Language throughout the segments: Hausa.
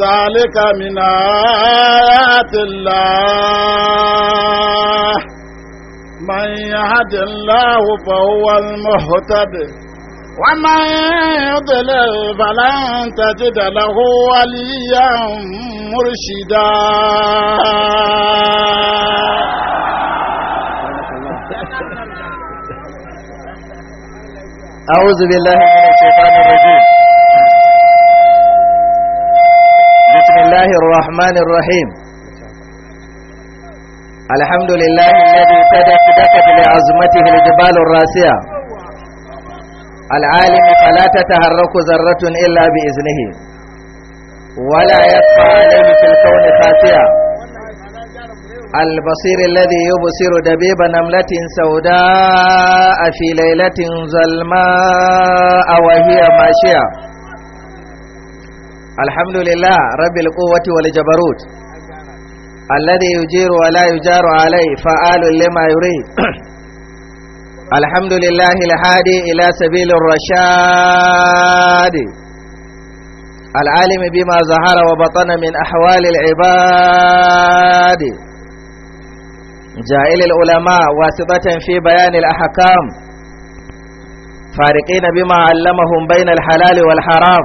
ذلك من آيات الله من يهد الله فهو المهتد ومن يضلل فلن تجد له وليا مرشدا أعوذ بالله من الشيطان الله الرحمن الرحيم الحمد لله الذي تدك دكت لعظمته الجبال الراسية العالم فلا تتحرك ذرة إلا بإذنه ولا يخفى عليه في الكون خافية البصير الذي يبصر دبيب نملة سوداء في ليلة ظلماء وهي ماشية الحمد لله رب القوة والجبروت الذي يجير ولا يجار عليه فآل لما يريد الحمد لله الهادي إلى سبيل الرشاد العالم بما ظهر وبطن من أحوال العباد جائل العلماء واسطة في بيان الأحكام فارقين بما علمهم بين الحلال والحرام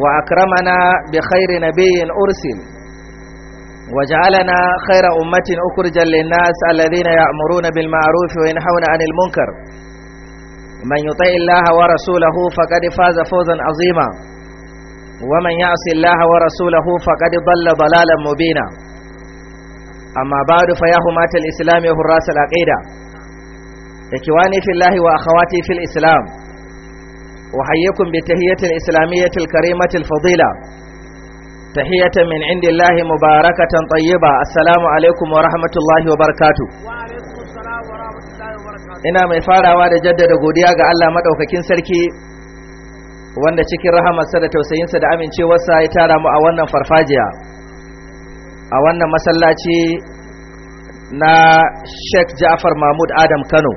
وأكرمنا بخير نبي أرسل وجعلنا خير أمة أخرجا للناس الذين يأمرون بالمعروف وينحون عن المنكر من يطع الله ورسوله فقد فاز فوزا عظيما ومن يعص الله ورسوله فقد ضل ضلالا مبينا أما بعد فيا الإسلام الإسلام الراس العقيدة إخواني في الله وأخواتي في الإسلام أحييكم بتهية الإسلامية الكريمة الفضيلة تحية من عند الله مباركة طيبة السلام عليكم ورحمة الله وبركاته ina mai farawa da jaddada godiya ga Allah maɗaukakin sarki wanda cikin rahamarsa da tausayinsa da amincewarsa ya tara mu a wannan farfajiya a wannan masallaci na Sheikh Ja'far Mahmud Adam Kano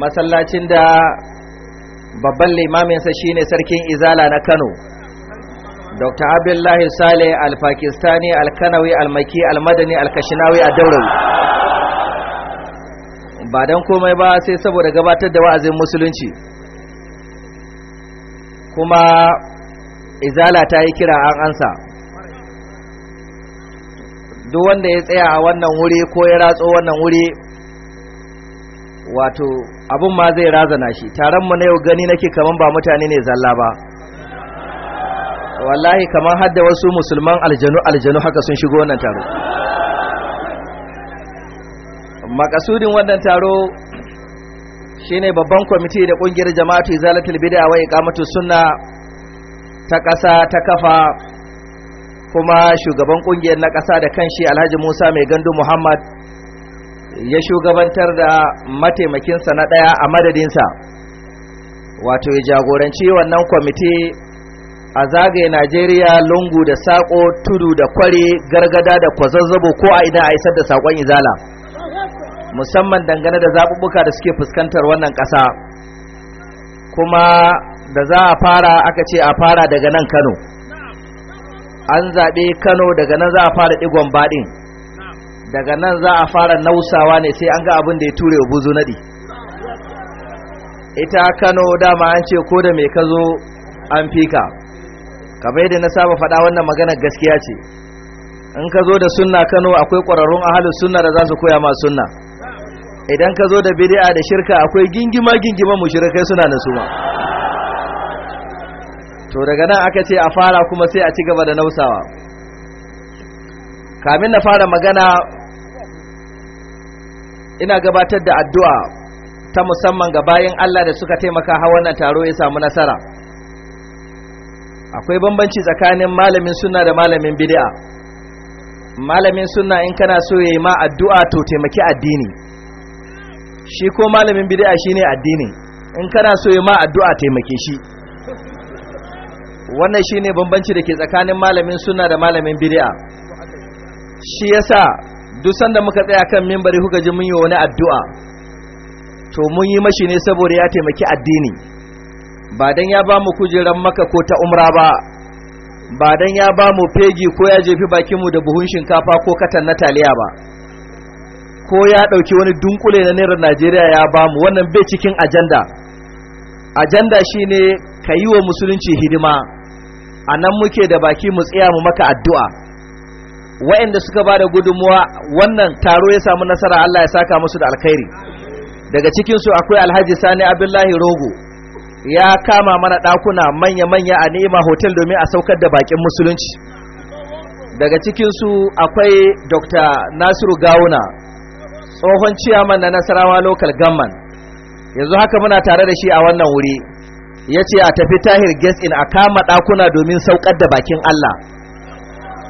masallacin da babban limaminsa shine sarkin izala na kano dr abdullahi saleh al-pakistani al-kanawi al-maki al-madani al-kashinawi a daurawi ba don komai ba sai saboda gabatar da wa'azin musulunci kuma izala ta yi kira an ansa duk wanda ya tsaya a wannan wuri ko ya ratso wannan wuri wato abin ma zai razana shi taron mu na yau gani nake kaman ba mutane ne zalla ba wallahi kaman hadda wasu musulman aljanu aljanu haka sun shigo wannan taro makasudin wannan taro shine babban kwamiti da kungiyar jama'atu izalatul bid'a wa iqamatu sunna ta kasa ta kafa kuma shugaban kungiyar na ƙasa da kanshi Alhaji Musa Mai Gandu Muhammad ya shugabantar da mataimakinsa na ɗaya a madadinsa wato ya jagoranci wannan kwamiti a zagaye najeriya lungu da sako tudu da kware gargada da kwazazzabo ko a ina a isar da sakon izala musamman dangane da zaɓuɓɓuka da suke fuskantar wannan ƙasa kuma da za a fara aka ce a fara daga nan kano an zaɓe kano daga nan za a fara ɗigon baɗin daga nan za a fara nausawa ne sai an ga abin da ya ture buzu nadi ita kano dama an ce ko da mai ka zo an fika kamar yadda na saba faɗa wannan magana gaskiya ce in ka zo da sunna kano akwai ƙwararrun ahalin sunna da za su koya ma sunna idan ka zo da Bidiya da shirka akwai gingima gingima mushrikai suna nasuma to daga nan aka ce a fara kuma sai a ci gaba da nausawa kamin na fara magana ina gabatar da addu'a ta musamman ga bayan Allah da suka taimaka ha wannan taro ya samu nasara akwai bambanci tsakanin malamin sunna da malamin bid'a malamin sunna in kana so yayi ma addu'a to taimaki addini shi ko malamin bid'a shine addini in kana so yayi ma addu'a taimake shi wannan shine bambanci da ke tsakanin malamin sunna da malamin bid'a shi yasa duk sanda muka tsaya kan mimbari kuka ji mun yi wani addu'a to mun yi mashi ne saboda ya taimaki addini ba dan ya ba mu kujeran maka ko ta umra ba ba dan ya ba mu fegi ko ya jefi bakin mu da buhun shinkafa ko katan na taliya ba ko ya dauki wani dunkule na naira Najeriya ya ba mu wannan bai cikin ajanda ajanda shine kayi wa musulunci hidima anan muke da baki mu tsaya mu maka addu'a waɗanda suka ba da gudunmuwa wannan taro ya samu nasara Allah ya saka musu da alkhairi daga cikinsu akwai alhaji sani abdullahi rogo ya kama mana ɗakuna manya-manya a ni'ima hotel domin a saukar da bakin musulunci daga cikinsu akwai dr nasiru gawuna tsohon ciyaman na nasarawa local gamman yanzu haka muna tare da shi a wannan wuri ya ce a tafi tahir guest in a kama ɗakuna domin saukar da bakin allah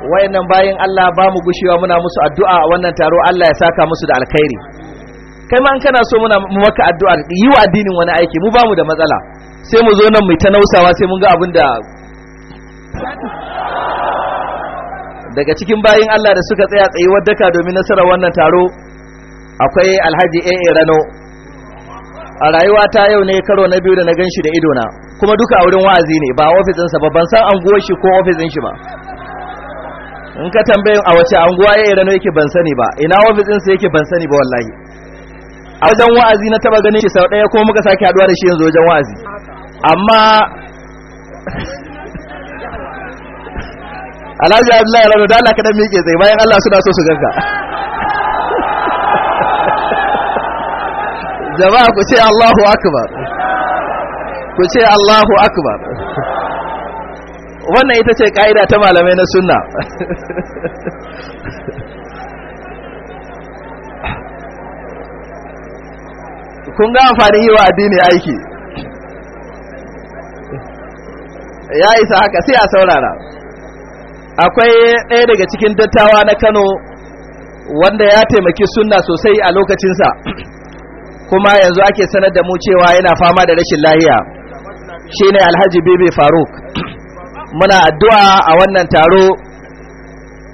wayannan bayin Allah ba mu gushewa muna musu addu'a a wannan taro Allah ya saka musu da alkhairi kai ma an kana so muna mu maka addu'a yi wa addinin wani aiki mu ba mu da matsala sai mu zo nan mu ta nausawa sai mun ga abin da daga cikin bayin Allah da suka tsaya wadda daka domin nasarar wannan taro akwai Alhaji AA Rano a rayuwa ta yau ne karo na biyu da na ganshi da idona kuma duka a wurin wa'azi ne ba ofisinsa ba ban san an shi ko ofisin shi ba in ka tambayin a wace anguwa ya irano yake ban sani ba ina ofis sa yake ban sani ba wallahi a wajen wa'azi na taba ganin shi sau ɗaya kuma muka sake haɗuwa da shi yanzu wajen wa'azi amma alhaji abdullahi rano da Allah ka dan miƙe tsaye bayan Allah suna so su ganka jama'a ku ce Allahu akbar ku ce Allahu akbar wannan ita ce ƙa'ida ta malamai na sunna kun ga amfani yi wa addini aiki ya isa haka sai a saurara akwai ɗaya daga cikin dattawa na kano wanda ya taimaki sunna sosai a lokacinsa kuma yanzu ake sanar da mu cewa yana fama da rashin lahiya shine alhaji bibi faruk muna addu'a a wannan taro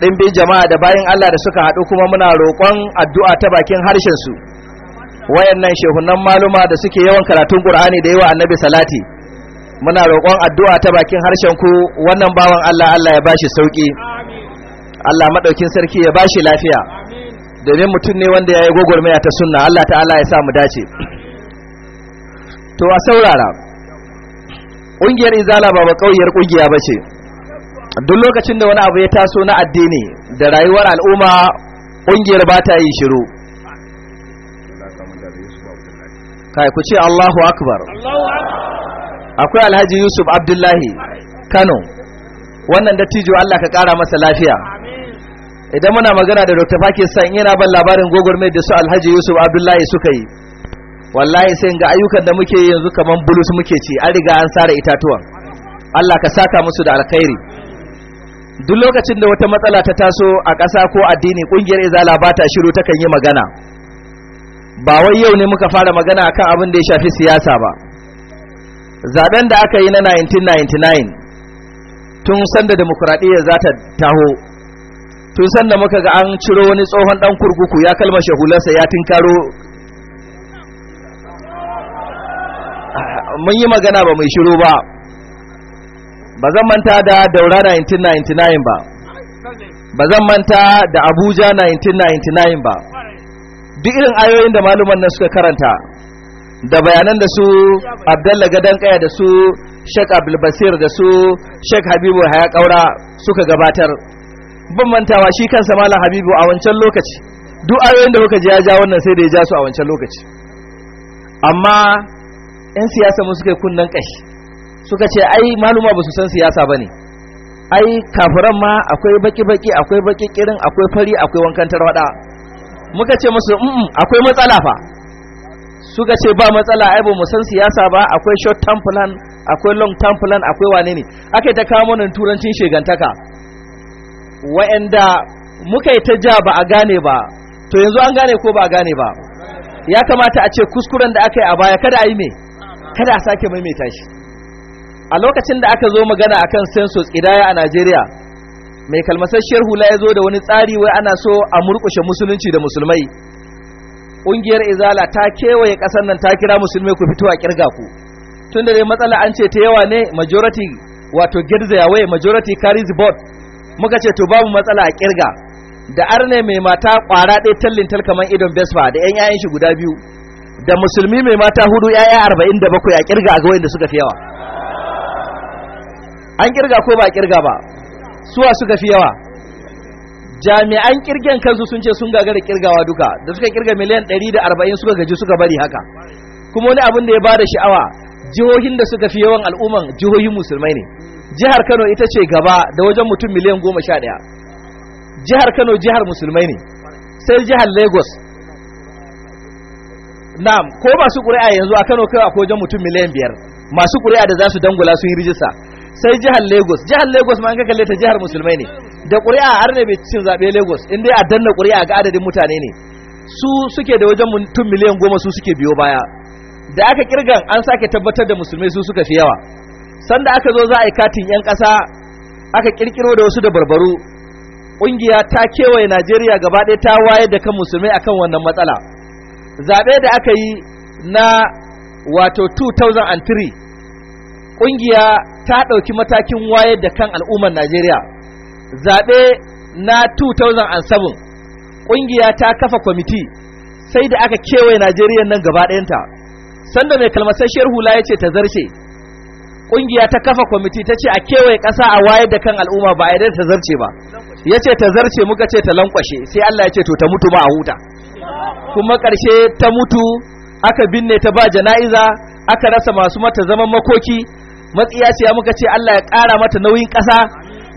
ɗimbi jama'a da bayan Allah da suka haɗu kuma muna roƙon addu'a ta bakin harshensu wayannan shehunan maluma da suke yawan karatun ƙur'ani da yawa annabi salati muna roƙon addu'a ta bakin harshen ku wannan bawan Allah Allah ya ba shi sauƙi Allah maɗaukin sarki ya ba shi lafiya domin mutum ne wanda ya yi gwagwarmaya ta sunna Allah ta'ala ya sa mu dace to a saurara ƙungiyar izala ba ba ƙauyar ƙungiya ba ce duk lokacin da wani abu ya taso na addini da rayuwar al'umma ƙungiyar ba ta yi shiru kai ku ce allahu akbar akwai alhaji yusuf abdullahi kano wannan dattijo allah ka ƙara masa lafiya idan muna magana da dr san yana ban labarin gogor mai da su alhaji yusuf abdullahi suka yi wallahi sai ga ayyukan da muke yanzu kamar bulus muke ci an riga an sare itatuwan Allah ka saka musu da alkhairi duk lokacin da wata matsala ta taso a ƙasa ko addini ƙungiyar izala ba ta shiru takan yi magana ba wai yau ne muka fara magana akan abin da ya shafi siyasa ba zaben da aka yi na 1999 tun sanda demokuraɗiyya za ta taho tun sanda muka ga an ciro wani tsohon dan kurkuku ya kalmashe hularsa ya tinkaro mun yi magana ba mai shiru ba ba zan manta da daura 1999 ba ba zan manta da abuja 1999 ba duk irin ayoyin da maluman nan suka karanta da bayanan da su abdalla gadon kaya da su shek abdulbasir da su shek habibu haya kaura suka gabatar ban mantawa shi kansa malam habibu a wancan lokaci duk ayoyin da kuka ji ya ja wannan sai da ya ja su a wancan lokaci amma 'yan siyasa mun suka yi kunnen ƙashi suka ce ai maluma ba su san siyasa ba ne ai kafiran ma akwai baki-baki akwai baki kirin akwai fari akwai wankan tarwada muka ce musu mm akwai matsala fa suka ce ba matsala ai ba mu san siyasa ba akwai short term plan akwai long term plan akwai wane ne aka ta kawo mana turancin shegantaka wa'anda muka yi ta ja ba a gane ba to yanzu an gane ko ba a gane ba ya kamata a ce kuskuren da aka yi a baya kada a yi me kada a sake maimaita shi a lokacin da aka zo magana akan census kidaya a Najeriya mai kalmasasshiyar hula ya zo da wani tsari wai ana so a murkushe musulunci da musulmai ƙungiyar izala ta kewaye ƙasar nan ta kira musulmai ku fito a kirga ku Tunda da dai matsala an ce ta yawa ne majority wato girzayawe majority carries board muka ce to babu matsala a kirga da arne mai mata kwara ɗaya tallin talkaman idon besfa da 'yan 'ya'yan shi guda biyu da musulmi mai mata hudu yaya arba'in da bakwai a kirga ga wanda suka fi yawa an kirga ko ba a kirga ba suwa suka fi yawa jami'an kirgen kansu sun ce sun gagara kirgawa duka da suka kirga miliyan 140 suka gaji suka bari haka kuma wani abin da ya bada sha'awa jihohin da suka fi yawan al'umman jihohin musulmai ne jihar Kano ita ce gaba da wajen mutum miliyan 11 jihar Kano jihar musulmai ne sai jihar Lagos na'am ko masu ƙuri'a yanzu a Kano kai akwai wajen mutum miliyan biyar masu ƙuri'a da za su dangula sun yi rijista sai jihar Lagos jihar Lagos ma an ka kalle ta jihar musulmai ne da ƙuri'a har ne bai cin zaɓe Lagos in dai a danna ƙuri'a ga adadin mutane ne su suke da wajen mutum miliyan goma su suke biyo baya da aka kirgan an sake tabbatar da musulmai su suka fi yawa sanda aka zo za a yi katin 'yan ƙasa aka kirkiro da wasu da barbaru ƙungiya ta kewaye najeriya gaba ɗaya ta wayar da kan musulmai akan wannan matsala zaɓe da aka yi na wato 2003 ƙungiya ta ɗauki matakin wayar da kan al'ummar najeriya zaɓe na 2007 ƙungiya ta kafa kwamiti sai da aka kewaye najeriya nan gaba ɗayanta sanda mai kalmasasshiyar hula ya ce ta zarce ƙungiya ta kafa kwamiti ta ce a kewaye ƙasa a wayar da kan al'umma ba a yadda ta zarce ba ya ce ta zarce muka ce ta lankwashe sai Allah ya ce to ta mutu ba a huta kuma ƙarshe ta mutu aka binne ta ba jana'iza aka rasa masu mata zaman makoki matsiyaciya muka ce Allah ya ƙara mata nauyin ƙasa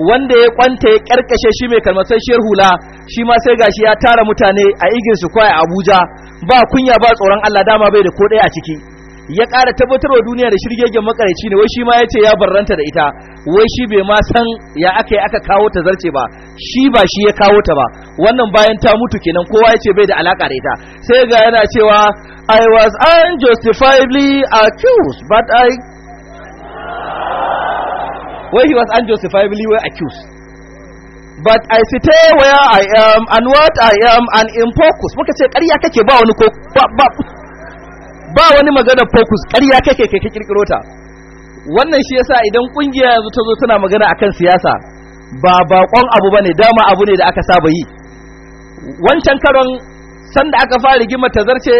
wanda ya kwanta ya ƙarƙashe shi mai kalmasasshiyar hula shi ma sai gashi ya tara mutane a igin su kwaya Abuja ba kunya ba tsoron Allah dama bai da ko ɗaya a ciki ya ƙara tabbatarwa duniya da shirgegen makaraci ne wai shi ma ya ce ya barranta da ita wai shi bai ma san ya aka yi aka kawo ta zarce ba shi ba shi ya kawo ta ba wannan bayan ta mutu kenan kowa ya ce bai da alaka da ita sai ga yana cewa I was unjustifiably accused but I Wai he was unjustifiably were accused but I stay where I am and what I am and in focus muka ce ƙarya kake ba wani ko ba ba wani magana focus ƙarya kake kai kirkiro ta wannan shi yasa idan kungiya yanzu ta zo tana magana akan siyasa ba bakon abu bane dama abu ne da aka saba yi wancan karon sanda aka fara rigimar ta zarce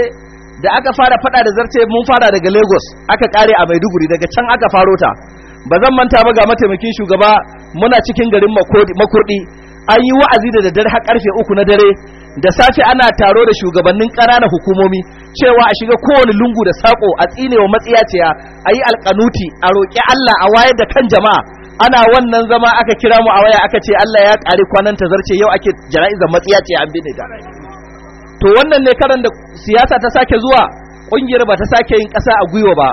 da aka fara fada da zarce mun fara daga Lagos aka kare a Maiduguri daga can aka faro ta ba zan manta ba ga mataimakin shugaba muna cikin garin Makurdi an yi wa'azi da daddare har karfe uku na dare da safe ana taro da shugabannin ƙananan hukumomi cewa a shiga kowane lungu da sako a tsine wa matsiyaciya a yi alƙanuti a roƙi Allah a wayar da kan jama'a ana wannan zama aka kira mu a waya aka ce Allah ya ƙari kwanan ta zarce yau ake jana'izar matsiyaciya an binne ta to wannan ne karan da siyasa ta sake zuwa ƙungiyar ba ta sake yin ƙasa a gwiwa ba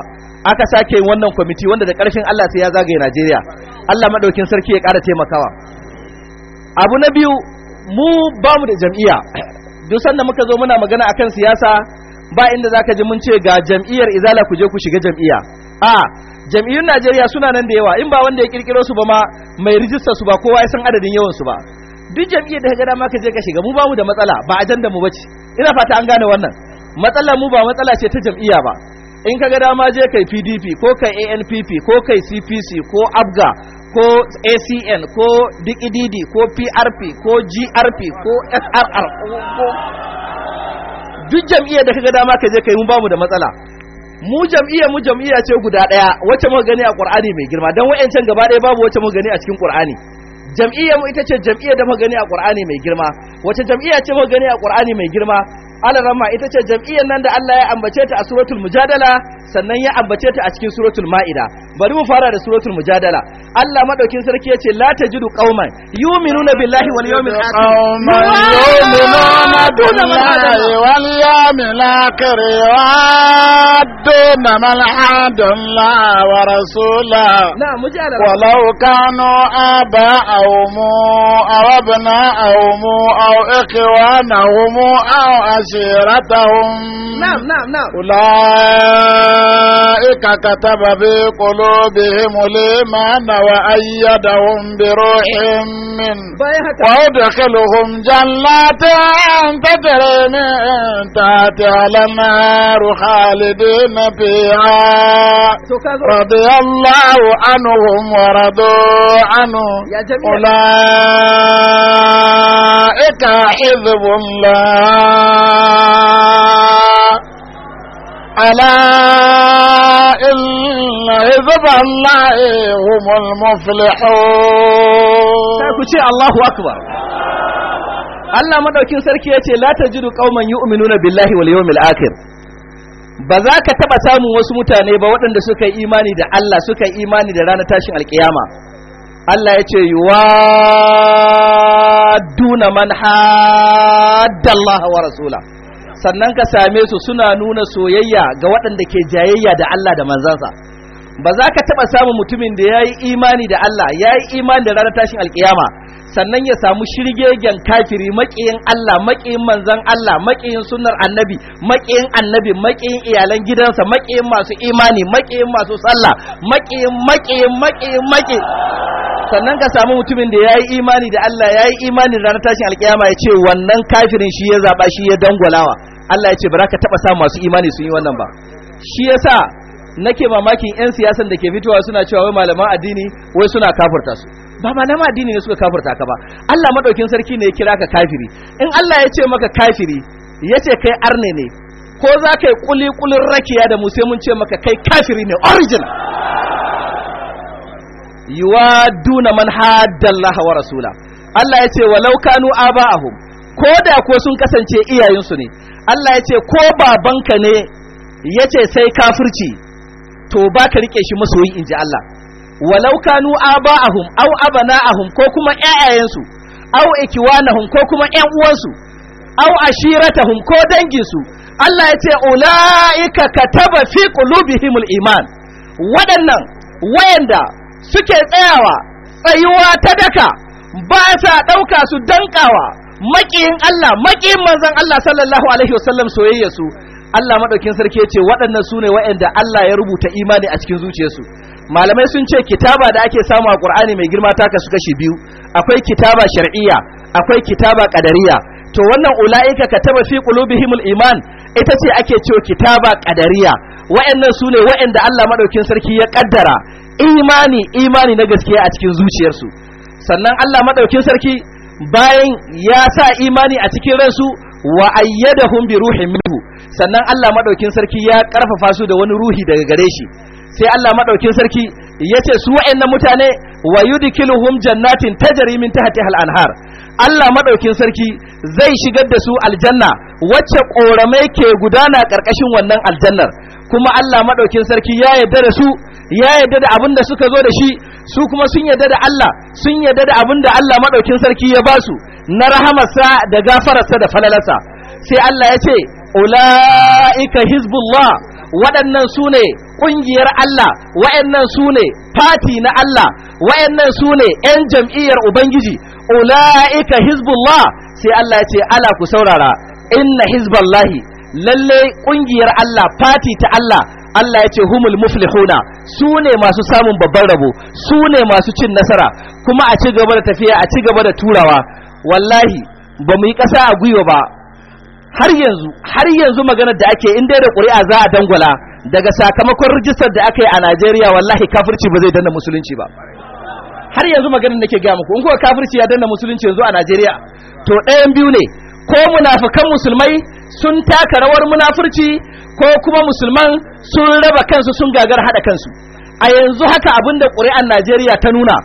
aka sake yin wannan kwamiti wanda da ƙarshen Allah sai ya zagaye Najeriya Allah madaukin sarki ya ƙara taimakawa abu na biyu mu ba mu da jam'iyya duk sanda muka zo muna magana akan siyasa ba inda zaka ji mun ce ga jam'iyar izala ku je ku shiga jam'iyya a jam'iyyun Najeriya suna nan da yawa in ba wanda ya kirkiro su ba ma mai rijista su ba kowa ya san adadin yawan su ba duk jam'iyyar da kaga dama ka je ka shiga mu ba mu da matsala ba ajanda mu bace ina fata an gane wannan matsalar mu ba matsala ce ta jam'iyya ba in ka ga dama je kai PDP ko kai ANPP ko kai CPC ko ABGA ko acn ko dikdd e ko prp ko grp ko srr ko duk jam'iyyar da kaga dama ka je kai mu bamu da matsala mu jam'iyyar mu jam'iyya ce guda daya wacce muka gani a qur'ani mai girma dan wayancan gaba daya babu wacce muka gani a cikin qur'ani jam'iyyar mu ita ce jam'iyyar da muka gani a qur'ani mai girma wacce jam'iyya ce muka gani a qur'ani mai girma alarama ita ce jam'iyyar nan da Allah ya ambace ta a suratul mujadala sannan ya ambace ta a cikin suratul ma'ida bari mu fara da suratul mujadala Allah madaukin sarki yace la tajidu qauman yu'minuna billahi wal yawmil akhir yu'minuna mal la wa rasula na mujadala walau kanu aba aw mu aw abna aw mu aw ikhwanahum aw ashiratahum na na. na'am أولئك كتب في قلوبهم الإيمان وأيدهم بروح من وأدخلهم جنات تجري من تحتها الأنهار خالدين فيها رضي الله عنهم ورضوا عنه أولئك حزب الله ألا إن حزب الله هم المفلحون الله أكبر Allah madaukin sarki ya ce la tajidu qauman yu'minuna billahi wal yawmil akhir ba za ka taba samun wasu mutane ba waɗanda suka yi imani da Allah suka yi imani da ranar tashin alkiyama Allah ya ce yuwaduna man haddallaha wa rasula sannan ka same su suna nuna soyayya ga waɗanda ke jayayya da Allah da manzansa ba za ka taɓa samun mutumin da ya yi imani da Allah ya yi imani da ranar tashin alkiyama sannan ya samu shirgegen kafiri makiyin Allah makiyin manzan Allah makiyin sunnar annabi makiyin annabi makiyin iyalan gidansa makiyin masu imani makiyin masu sallah makiyin makiyin makiyin maƙi sannan ka samu mutumin da yayi yi imani da Allah yayi imani da ranar tashin alƙiyama ya ce wannan kafirin shi ya zaba shi ya dangwalawa Allah ya ce ba za ka taɓa sa masu imani sun yi wannan ba shi yasa nake mamakin yan siyasan da ke fitowa suna cewa wai malaman addini wai suna kafurta su ba malaman addini ne suka kafurta ka ba Allah madaukin sarki ne ya kira ka kafiri in Allah ya ce maka kafiri ya ce kai arne ne ko za ka yi kuli kulin rakiya da mu sai mun ce maka kai kafiri ne original yuwaduna man haddallaha wa rasula Allah ya ce walau kanu aba'ahum ko da ko sun kasance iyayensu ne Allah ya ce ko babanka ne ya ce sai kafirci to ba ka rike shi masoyi in ji Allah walau kanu aba'ahum aw abana'ahum ko kuma ƴaƴayensu aw ikiwanahum ko kuma ƴan uwansu aw ashiratahum ko danginsu Allah ya ce ulaika kataba fi qulubihimul iman waɗannan wayanda suke tsayawa tsayuwa ta daka ba sa ɗauka su dankawa maƙiyin Allah maƙiyin manzon Allah sallallahu alaihi wasallam soyayya su Allah maɗaukin sarki ya ce waɗannan su ne waɗanda Allah ya rubuta imani a cikin zuciyarsu malamai sun ce kitaba da ake samu a Qur'ani mai girma ta kasu kashi biyu akwai kitaba shar'iyya akwai kitaba qadariyya to wannan ulaika kataba fi qulubihimul iman ita ce ake cewa kitaba qadariyya Wa'annan su ne waɗanda Allah maɗaukin sarki ya kaddara imani imani na gaskiya a cikin zuciyarsu sannan Allah maɗaukin sarki bayan ya sa imani a cikin ransu wa ayyadahum bi ruhin minhu sannan Allah madaukin sarki ya karfafa su da wani ruhi daga gare shi sai Allah madaukin sarki yace su wa'annan mutane wa yudkiluhum jannatin tajri min tahtiha al-anhar Allah madaukin sarki zai shigar da su aljanna wacce koramai ke gudana karkashin wannan aljannar kuma Allah madaukin sarki ya yarda da su ya yarda da abin da suka zo da shi su kuma sun yarda da Allah sun yarda da abin da Allah maɗaukin sarki ya ba su na rahamarsa da gafararsa da falalarsa sai Allah ya ce ula'ika hizbullah waɗannan su ne ƙungiyar Allah waɗannan su ne fati na Allah waɗannan su ne 'yan jam'iyyar Ubangiji ula'ika hizbullah sai Allah ya ce ala ku saurara inna hizballahi lallai ƙungiyar Allah fati ta Allah Allah ya ce humul muflihuna su ne masu samun babban rabo su ne masu cin nasara kuma a ci gaba da tafiya a ci gaba da turawa wallahi ba mu yi ƙasa a gwiwa ba har yanzu har yanzu maganar da ake in dai da ƙuri'a za a dangwala daga sakamakon rijistar da aka yi a Najeriya wallahi kafirci ba zai danna musulunci ba har yanzu maganar nake gaya muku in kuwa kafirci ya danna musulunci yanzu a Najeriya to ɗayan biyu ne ko munafikan musulmai sun taka rawar munafurci ko kuma musulman sun raba kansu sun gagar hada kansu a yanzu haka abin da ƙuri'an najeriya ta nuna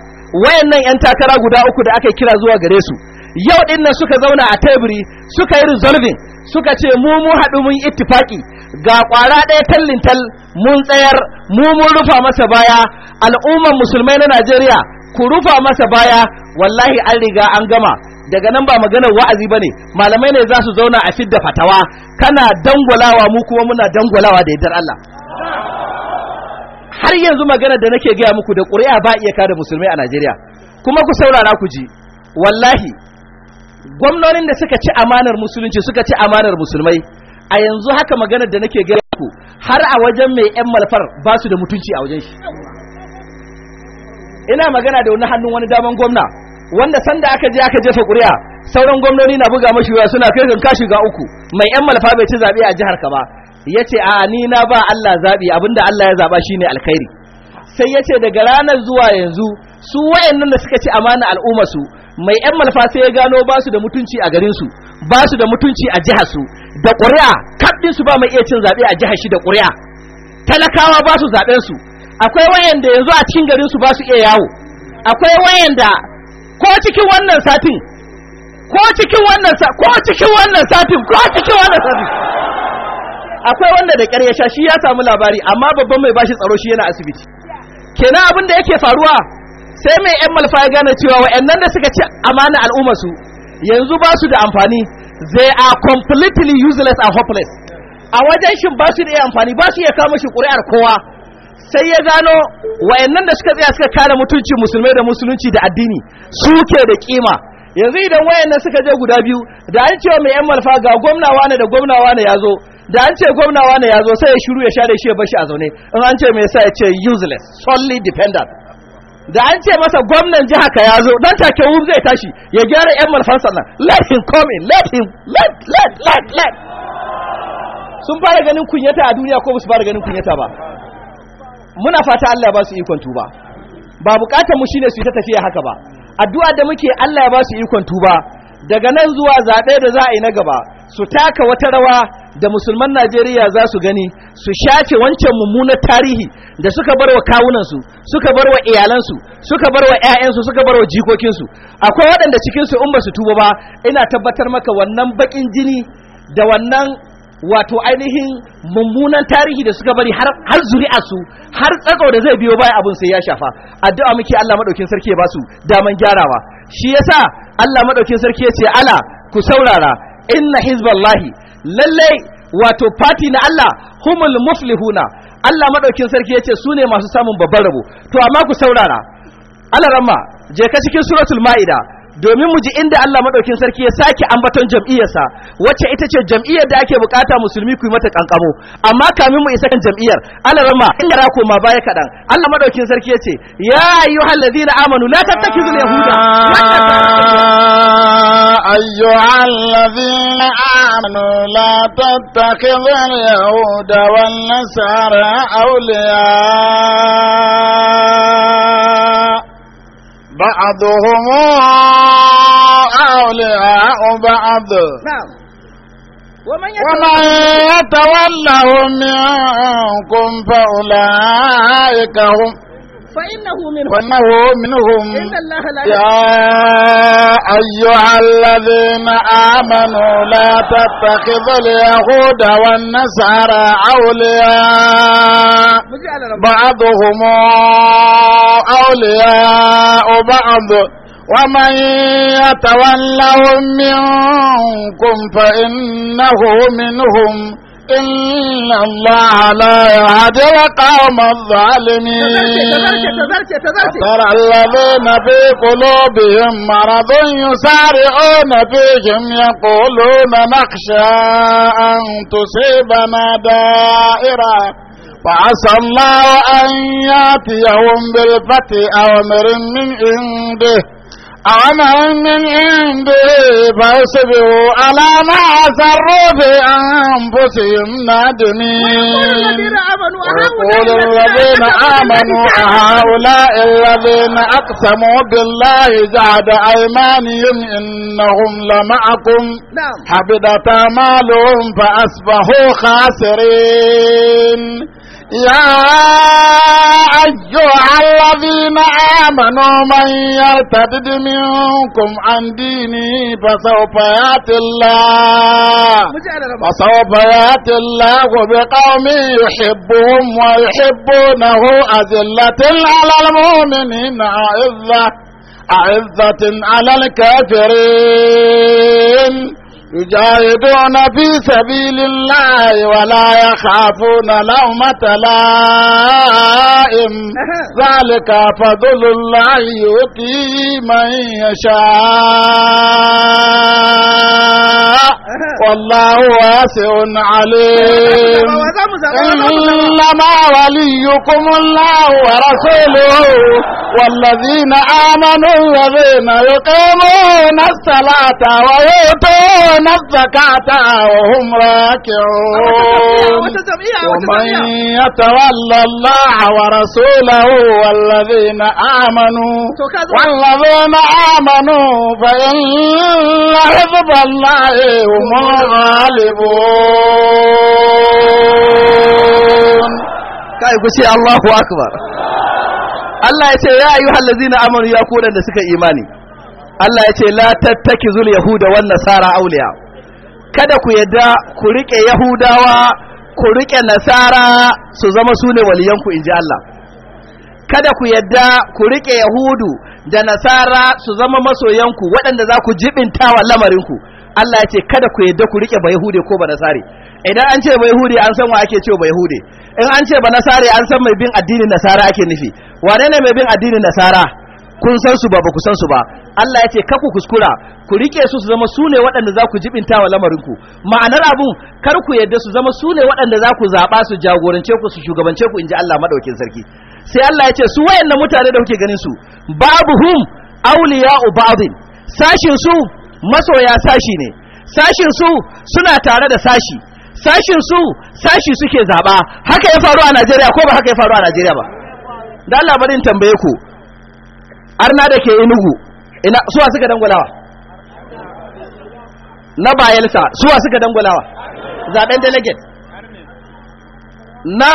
wayannan 'yan takara guda uku da aka kira zuwa gare su yau ɗin nan suka zauna a teburi suka yi resolving suka ce mu mu haɗu mun ittifaki ga ƙwara ɗaya tallintal mun tsayar mu mun rufa masa baya al'umman musulmai na najeriya ku rufa masa baya wallahi an riga an gama daga nan ba maganar wa'azi ba ne malamai ne za su zauna a fidda fatawa kana dangwalawa mu kuma muna dangwalawa da yardar Allah har yanzu maganar da nake gaya muku da ƙuri'a ba iya kada musulmai a Najeriya kuma ku saurara ku ji wallahi gwamnonin da suka ci amanar musulunci suka ci amanar musulmai a yanzu haka maganar da nake gaya muku har a wajen mai yan malfar ba su da mutunci a wajen shi ina magana da wani hannun wani daman gwamna wanda sanda aka je aka jefa ƙuri'a sauran gwamnoni na buga mashi waya suna kai kan kashi ga uku mai yan malfa bai ci zabe a jihar ka ba yace a ni na ba Allah zabi abinda Allah ya zaba shine alkhairi sai yace daga ranar zuwa yanzu su wayannan da suka ci amana al'umma su mai yan malfa sai ya gano ba su da mutunci a garin su ba su da mutunci a jihar su da ƙuri'a kaddin su ba mai iya cin zabe a jihar shi da ƙuri'a talakawa ba su zaben su akwai wayanda yanzu a cikin garin su ba su iya yawo akwai wayanda ko cikin wannan satin ko cikin wannan ko cikin wannan satin ko cikin wannan satin akwai wanda da ƙyar ya sha shi ya samu labari amma babban mai bashi tsaro shi yana asibiti kenan abin da yake faruwa sai mai yan malfa ya gane cewa wa'annan da suka ci amana al'umma su yanzu ba su da amfani they are completely useless and hopeless a wajen shin ba su da amfani ba su iya kama shi ƙuri'ar kowa sai ya gano wayannan da suka tsaya suka kare mutunci musulmai da musulunci da addini suke da kima yanzu idan wayannan suka je guda biyu da an cewa mai yan malfa ga gwamna wane da gwamna wane ya zo da an ce gwamna wane ya zo sai ya shiru ya share shi ya bashi a zaune in an ce mai yasa ya ce useless solely dependent da an ce masa gwamnan jiha ka ya zo dan take wuri zai tashi ya gyara yan malfan sannan let him come in let him let let let let sun fara ganin kunyata a duniya ko ba su fara ganin kunyata ba muna fata Allah ya ba su ikon tuba ba bukatar mu shine su yi ta tafiya haka ba addu'a da muke Allah ya ba su ikon tuba daga nan zuwa zaɓe da za a yi na gaba su taka wata rawa da musulman Najeriya za su gani su shafe wancan mummunar tarihi da suka bar wa kawunansu suka bar wa iyalansu suka bar wa 'ya'yansu suka bar wa jikokinsu akwai waɗanda cikinsu in ba su tuba ba ina tabbatar maka wannan baƙin jini da wannan wato ainihin mummunan tarihi da suka bari har zuri'a su har tsakau da zai biyo baya abin sai ya shafa addu'a muke Allah madaukin sarki ya ba su daman gyarawa shi yasa Allah madaukin sarki ya ce ala ku saurara inna hizballahi lalle wato fati na Allah humul muflihuna Allah madaukin sarki ya ce su ne masu samun babban rabo to amma ku saurara ramma je ka cikin suratul ma'ida domin mu ji inda Allah madaukin sarki ya sake ambaton jam'iyyarsa wacce ita ce jam'iyyar da ake bukata musulmi ku yi mata kankamo amma kamin mu isa kan jam'iyyar Allah rama inda ra koma baya kadan Allah madaukin sarki ya ce ya ayyuhal ladina amanu la tattakizul yahuda ayyuhal ladina amanu la tattakizul yahuda wan nasara awliya بعضهم أولياء بعض نعم ومن يتولهم منكم فأولئك هم فإنه منهم وإنه منهم إن الله لا يا أيها الذين آمنوا لا تتخذوا اليهود والنصارى أولياء بعضهم أولياء بعض ومن يتولهم منكم فإنه منهم إن الله لا يهدي القوم الظالمين ترى الذين في قلوبهم مرض يسارعون فيهم يقولون نخشى أن تصيبنا دائرة فعسى الله أن يأتيهم بالفتح أمر من عنده أنا من عندي فاصبروا على ما سروا بأنفسهم نادمين وقول الذين آمنوا هؤلاء الذين أقسموا بالله زاد أيمانهم إنهم لمعكم نعم. حبدت أعمالهم فأصبحوا خاسرين يا أيها الذين آمنوا من يرتد منكم عن ديني فسوف يأتي الله فسوف يأتي الله بقوم يحبهم ويحبونه أذلة على المؤمنين أعزة أعزة على الكافرين يجاهدون في سبيل الله ولا يخافون لومة لائم ذلك فضل الله يؤتيه من يشاء والله واسع عليم إنما وليكم الله ورسوله والذين آمنوا الذين يقيمون الصلاة ويؤتون يؤتون الزكاة وهم راكعون ومن يتولى الله ورسوله والذين آمنوا والذين آمنوا فإن حزب الله هم الغالبون كاي الله أكبر الله يا أيها الذين آمنوا ladzina أن ya إيماني Allah ya ce la zul yahuda wan nasara auliya kada ku yadda ku rike yahudawa ku rike nasara su zama su ne waliyanku inji Allah kada ku yadda ku rike yahudu da nasara su zama masoyanku waɗanda za ku wa lamarinku Allah ya ce kada ku yadda ku rike ba yahude ko ba nasare idan an ce ba yahude an san wa ake cewa ba yahude in an ce ba nasare an san mai bin addinin nasara ake nufi wane ne mai bin addinin nasara kun san su ba ba ku san su ba Allah ya ce ka ku kuskura ku rike su su zama su ne waɗanda za ku jibinta wa ku ma'anar abun kar ku yadda su zama su ne waɗanda za ku zaɓa su jagorance ku su shugabance ku in ji Allah maɗaukin sarki sai Allah ya ce su wayannan mutane da kuke ganin su babu hum u ba'din sashin su masoya sashi ne sashin su suna tare da sashi sashin su sashi suke zaba haka ya faru a Najeriya ko ba haka ya faru a Najeriya ba da Allah bari in tambaye ku arna da ke inugu ina suwa suka dangulawa na bayelsa suwa suka dangulawa zaben delegate na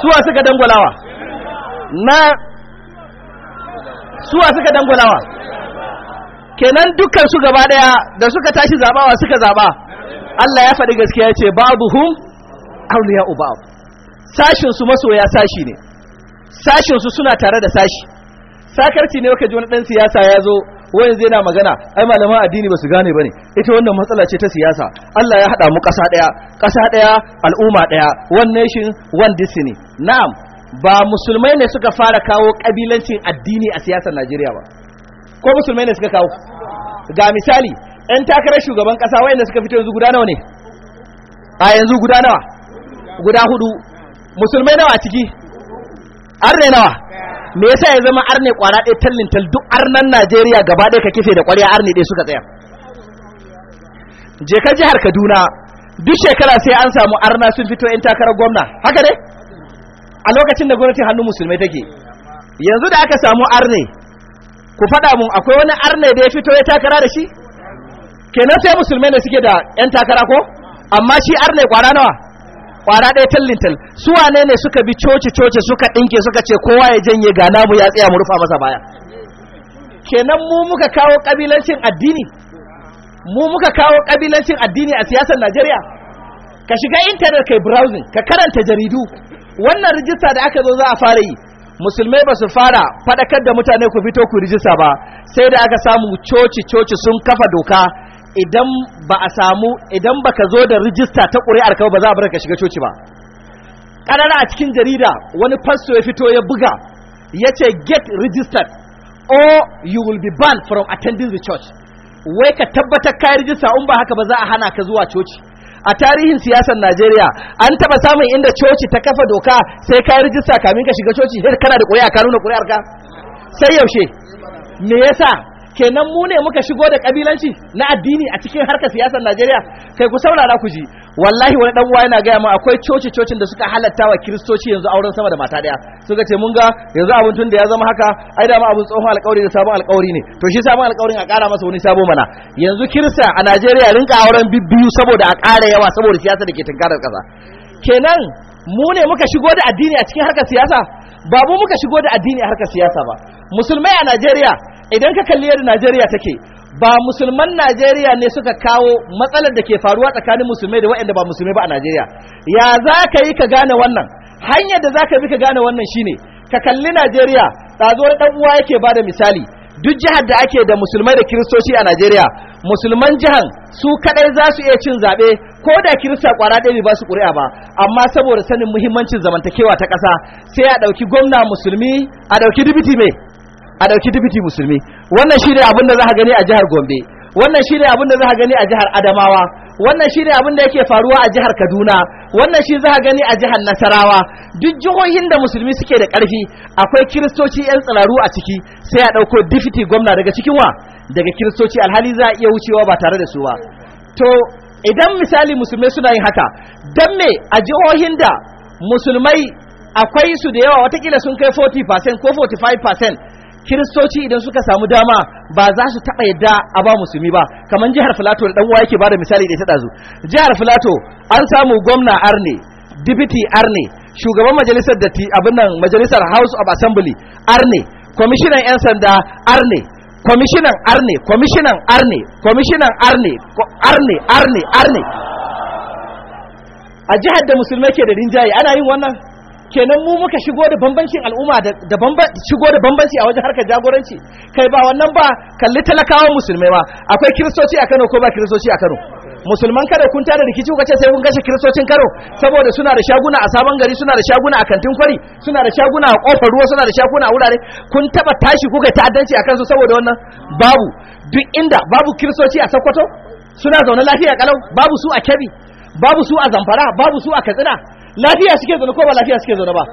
suwa suka dangulawa na suwa suka dangulawa kenan dukkan su gaba daya da suka tashi zabawa suka zaba Allah ya faɗi gaskiya ya ce babu hum auliya uba sashin su masoya sashi ne sashinsu suna tare da sashi sakarci ne waka ji wani ɗan siyasa ya zo wayan zai na magana ai malaman addini ba su gane ba ne ita wannan matsala ce ta siyasa Allah ya haɗa mu ƙasa ɗaya ƙasa ɗaya al'umma ɗaya one nation one destiny na'am ba musulmai ne suka fara kawo ƙabilancin addini a siyasar Najeriya ba ko musulmai ne suka kawo ga misali yan takarar shugaban ƙasa wayanda suka fito yanzu guda nawa ne a yanzu guda nawa guda hudu musulmai nawa ciki arne nawa me yasa ya zama arne kwara ɗaya tallin tal duk arnan najeriya gaba ɗaya ka kife da ƙwarya arne ɗaya suka tsaya je ka jihar kaduna duk shekara sai an samu arna sun fito yan takarar gwamna haka dai a lokacin da gwamnatin hannun musulmai take yanzu da aka samu arne ku faɗa mun akwai wani arne da ya fito ya takara da shi kenan sai musulmai ne suke da yan takara ko amma shi arne kwara nawa kwara ɗaya tallintal su wane ne suka bi coci coci suka ɗinke suka ce kowa ya janye ga namu ya tsaya mu rufa masa baya kenan mu muka kawo kabilancin addini mu muka kawo kabilancin addini a siyasar Najeriya ka shiga intanet kai browsing ka karanta jaridu wannan rijista da aka zo za a fara yi musulmai ba su fara faɗakar da mutane ku fito ku rijista ba sai da aka samu coci coci sun kafa doka idan ba a samu idan baka zo da rijista ta ƙuri'ar ka ba za a bar ka shiga coci ba ƙanana a cikin jarida wani fasto ya fito ya buga ya ce get registered or you will be banned from attending the church wai ka tabbatar ka rijista in ba haka ba za a hana ka zuwa coci a tarihin siyasar Najeriya an taba samun inda coci ta kafa doka sai ka rijista kamin ka shiga coci sai kana da ƙuri'a ka nuna ƙuri'ar ka sai yaushe me yasa kenan mu ne muka shigo da kabilanci na addini a cikin harkar siyasar Najeriya kai ku saurara ku ji wallahi wani dan uwa yana gaya mu akwai coci cocin da suka halatta wa kiristoci yanzu auren sama da mata daya suka ce mun ga yanzu abun tun da ya zama haka ai da ma abun tsohon alƙawari da sabon alƙawari ne to shi sabon alƙawarin a ƙara masa wani sabo mana yanzu kirista a Najeriya rinka auren bibbiyu saboda a ƙara yawa saboda siyasa da ke tunkarar ƙasa kenan mu ne muka shigo da addini a cikin harkar siyasa babu muka shigo da addini a harkar siyasa ba musulmai a Najeriya idan ka kalli yadda Najeriya take ba musulman Najeriya ne suka kawo matsalar da ke faruwa tsakanin musulmai da waɗanda ba musulmai ba a Najeriya ya za ka yi ka gane wannan hanyar da za ka bi ka gane wannan ne ka kalli Najeriya ɗazo ɗan uwa yake da misali duk jihar da ake da musulmai da kiristoci a Najeriya musulman jihar su kadai za su iya cin zaɓe ko da kirista kwara ɗaya bai ba su ƙuri'a ba amma saboda sanin muhimmancin zamantakewa ta ƙasa sai a ɗauki gwamna musulmi a ɗauki dibiti mai a ɗauki dubiti musulmi wannan shi ne abin da za a gani a jihar gombe wannan shi ne abin da za a gani a jihar adamawa wannan shi ne abin da yake faruwa a jihar kaduna wannan shi za a gani a jihar nasarawa duk jihohin da musulmi suke da ƙarfi akwai kiristoci 'yan tsiraru a ciki sai a ɗauko difiti gwamna daga cikin wa daga kiristoci alhali za a iya wucewa ba tare da su ba to idan misali musulmai suna yin haka don me a jihohin da musulmai akwai su da yawa watakila sun kai 40% ko 45% kiristoci idan suka samu dama ba za su taɓa yadda a ba musulmi ba kamar jihar filato da ɗanwa yake ba da misali da ta ɗazu jihar filato an samu gwamna arne dibiti arne shugaban majalisar datti abin nan majalisar house of assembly arne kwamishinan 'yan sanda arne kwamishinan arne kwamishinan arne kwamishinan arne arne arne arne a jihar da musulmai ke da rinjaye ana yin wannan kenan mu muka shigo da bambancin al'umma da shigo da bambanci a wajen harkar jagoranci kai ba wannan ba kalli talakawa musulmai ba akwai kiristoci a Kano ko ba kiristoci a Kano musulman kada kun tada rikici kuka ce sai kun kashe kiristocin Kano? saboda suna da shaguna a sabon gari suna da shaguna a kantin kwari suna da shaguna a kofar ruwa suna da shaguna a wurare kun taba tashi kuka ta'addanci akan su saboda wannan babu duk inda babu kiristoci a Sokoto suna zaune lafiya kalau babu su a Kebbi babu su a Zamfara babu su a Katsina lafiya suke zaune ko ba lafiya suke zaune ba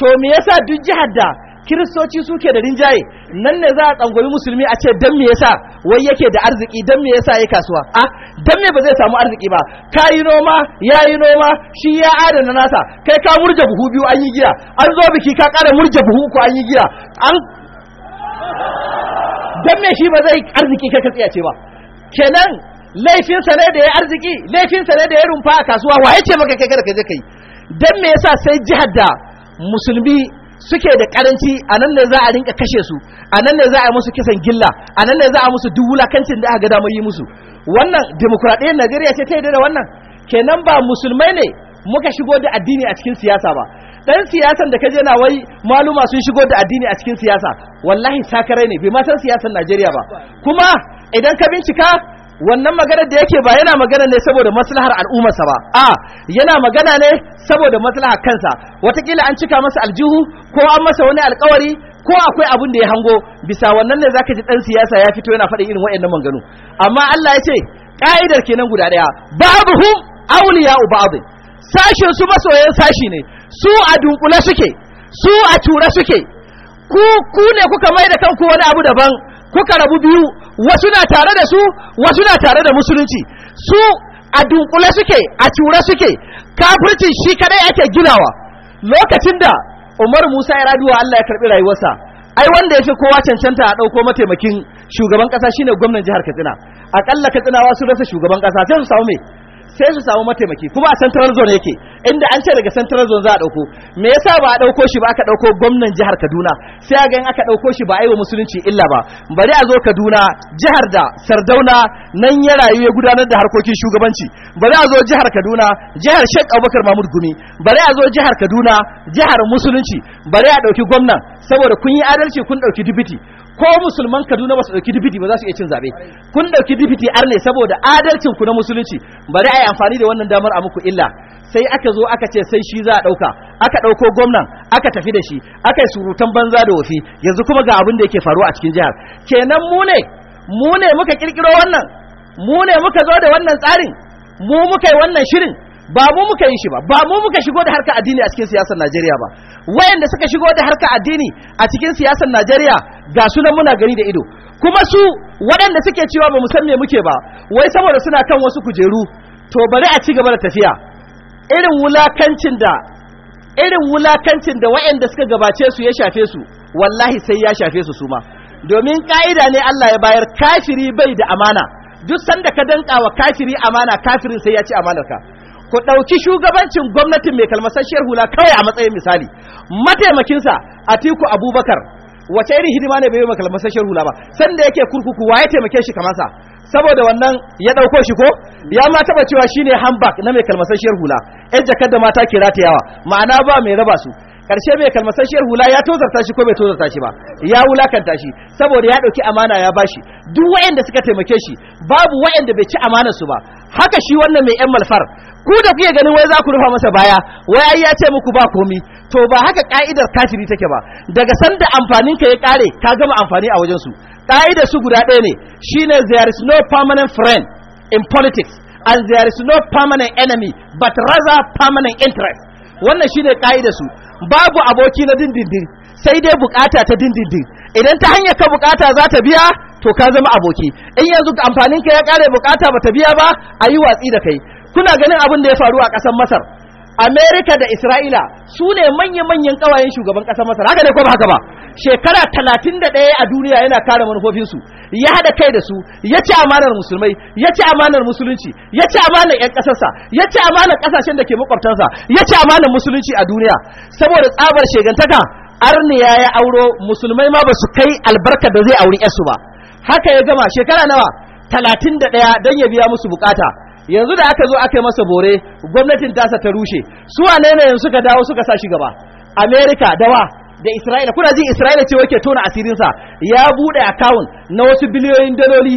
to me yasa duk jihar da kiristoci suke da rinjaye nan ne za a tsangwami musulmi a ce dan me yasa wai yake da arziki dan me yasa yake kasuwa a dan me ba zai samu arziki ba kai noma yayi noma shi ya adana nasa kai ka murje buhu biyu an yi giya an zo biki ka kara murje buhu uku an yi giya an dan me shi ba zai arziki kai ka tsiyace ba kenan laifinsa ne da ya arziki laifinsa ne da ya rumfa a kasuwa wa ya ce maka kai kada ka je kai don me yasa sai jihar da musulmi suke da karanci a nan ne za a rinka kashe su a nan ne za a yi musu kisan gilla a nan ne za a musu duk wulakancin da aka ga damar yi musu wannan demokuraɗiyyar najeriya ce ta yi da wannan kenan ba musulmai ne muka shigo da addini a cikin siyasa ba dan siyasan da kaje na wai maluma sun shigo da addini a cikin siyasa wallahi sakarai ne bai ma san siyasan najeriya ba kuma idan ka bincika wannan maganar da yake ba yana magana ne saboda maslahar sa ba a yana magana ne saboda maslahar kansa watakila an cika masa aljihu ko an masa wani alkawari ko akwai abin da ya hango bisa wannan ne zaka ji dan siyasa ya fito yana faɗin irin wa'annan maganganu amma Allah ya ce ka'idar kenan guda ɗaya ba'dhum awliya'u ba'd sashin su masoyan sashi ne su a dunkule suke su a tura suke ku ku ne kuka mai da kanku wani abu daban kuka rabu biyu wasu na tare da su wasu na tare da musulunci su a dunkule suke a cure suke kafircin shi kadai ake ginawa lokacin da Umar Musa ya raduwa Allah ya karbi rayuwarsa ai wanda ya yake kowa cancanta a ɗauko mataimakin shugaban kasa shine gwamnan jihar Katsina akalla Katsinawa su rasa shugaban ƙasa sai su samu me sai su samu mataimaki kuma a central zone yake inda an ce daga central zone za a dauko me yasa ba a dauko shi ba aka dauko gwamnan jihar Kaduna sai ga in aka dauko shi ba a yi wa musulunci illa ba bari a zo Kaduna jihar da Sardauna nan ya rayu ya gudanar da harkokin shugabanci bari a zo jihar Kaduna jihar Sheikh Abubakar Mahmud Gumi bari a zo jihar Kaduna jihar musulunci bari a dauki gwamnan saboda kun yi adalci kun dauki dibiti ko musulman Kaduna ba su dauki dipiti ba za su iya cin zabe kun dauki ar ne saboda adalcin ku na musulunci bari ai amfani da wannan damar a muku illa sai aka zo aka ce sai shi za a dauka aka dauko gwamnan aka tafi da shi aka yi surutan banza da wafi yanzu kuma ga abin da yake faruwa a cikin jihar kenan mu ne mu ne muka kirkiro wannan mu ne muka zo da wannan tsarin mu muka yi wannan shirin ba mu muka yi shi ba ba mu muka shigo da harka addini a cikin siyasar Najeriya ba wayanda suka shigo da harka addini a cikin siyasar Najeriya ga sunan muna gani da ido kuma su waɗanda suke cewa ba mu san me muke ba wai saboda suna kan wasu kujeru to bari a ci gaba da tafiya irin wulakancin da irin wulakancin da waɗanda suka gabace su ya shafe su wallahi sai ya shafe su suma domin ka'ida ne Allah ya bayar kafiri bai da amana duk sanda ka danka wa kafiri amana kafirin sai ya ci amanarka ku ɗauki shugabancin gwamnatin mai kalmasasshiyar hula kawai a matsayin misali mataimakinsa atiku abubakar wace irin hidima ne bai yi sashen hula ba sanda yake kurkuku wa ya taimake shi kamar sa saboda wannan ya dauko shi ko ya ma taba cewa shine handbag na mai kalmasasshiyar hula yan jakar da mata ke ratayawa ma'ana ba mai raba su karshe mai shehu hula ya tozarta shi ko bai tozarta shi ba ya wulakanta shi saboda ya dauki amana ya bashi duk wayanda suka taimake shi babu wayanda bai ci amanar su ba haka shi wannan mai yan malfar ku da kuke ganin wai za ku rufa masa baya wai ai ya ce muku ba komi to ba haka ka'idar kafiri take ba daga sanda amfanin ka ya kare ka gama amfani a wajen su ka'idar su guda ɗaya ne shine there is no permanent friend in politics and there is no permanent enemy but rather permanent interest wannan shine ka'idar su babu aboki na dindindin sai dai bukata ta dindindin idan ta hanyar ka bukata za ta biya to ka zama aboki in yanzu amfanin ka ya kare bukata ba ta biya ba a yi watsi da kai kuna ganin abin da ya faru a ƙasar masar Amerika da Isra'ila su ne manya-manyan ƙawayen shugaban ƙasar Masar haka ne ko ba haka ba shekara talatin da ɗaya a duniya yana kare manufofinsu ya haɗa kai da su ya ci amanar musulmai ya ci amanar musulunci ya ci amanar 'yan ƙasarsa ya ci amanar ƙasashen da ke makwabtansa ya ci amanar musulunci a duniya saboda tsabar shegantaka arniya ya auro musulmai ma ba su kai albarka da zai auri 'yarsu ba haka ya gama shekara nawa talatin da ɗaya don ya biya musu bukata yanzu da aka zo aka yi masa bore gwamnatin tasa ta rushe su a ne yanzu suka dawo suka sa shi gaba america dawa da isra'ila kuna ji isra'ila ce wake tona asirinsa ya bude akawun na wasu biliyoyin daloli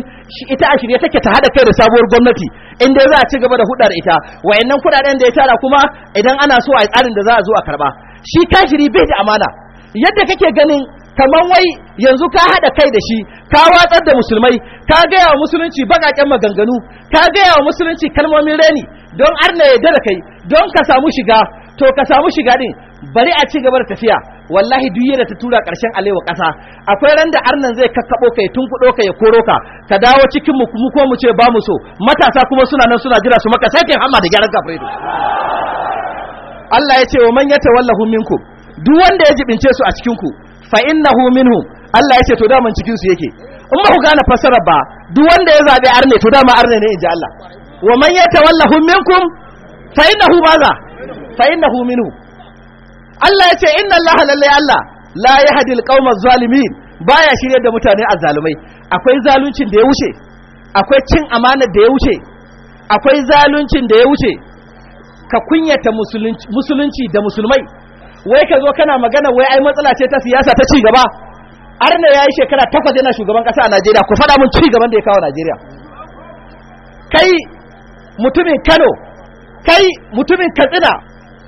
ita a shirye take ta hada kai da sabuwar gwamnati in dai za a ci gaba da hudar ita wayannan kudaden da ya tara kuma idan ana so a tsarin da za a zo a karba shi kashiri bai da amana yadda kake ganin kamar wai yanzu ka haɗa kai da shi ka watsar da musulmai ka gaya wa musulunci baƙaƙen maganganu ka gaya wa musulunci kalmomin reni don arna ya da kai don ka samu shiga to ka samu shiga din bari a ci gaba da tafiya wallahi duya da ta tura ƙarshen alewa ƙasa akwai ran da arnan zai kakkaɓo ka ya tunkuɗo ka ya koro ka ka dawo cikin mu ko mu ce ba mu so matasa kuma suna nan suna jira su maka sake hamma da gyaran kafa Allah ya ce wa man yatawallahu minkum duk wanda ya jibince su a cikin ku fa innahu minhum Allah ya ce to daman cikin su yake in ba ku gane fasara ba duk wanda ya zabe arne to dama arne ne inji Allah wa man yatawallahu minkum fa innahu maza fa innahu minhu Allah ya ce inna Allah lallai Allah la yahdi alqawma zalimin baya shirye da mutane azzalumai akwai zaluncin da ya wuce akwai cin amana da ya wuce akwai zaluncin da ya wuce ka kunyata musulunci da musulmai wai ka zo kana magana wai ai matsala ce ta siyasa ta ci gaba arna yayi shekara takwas yana shugaban kasa a Najeriya ku faɗa mun ci gaban da ya kawo Najeriya kai mutumin Kano kai mutumin Katsina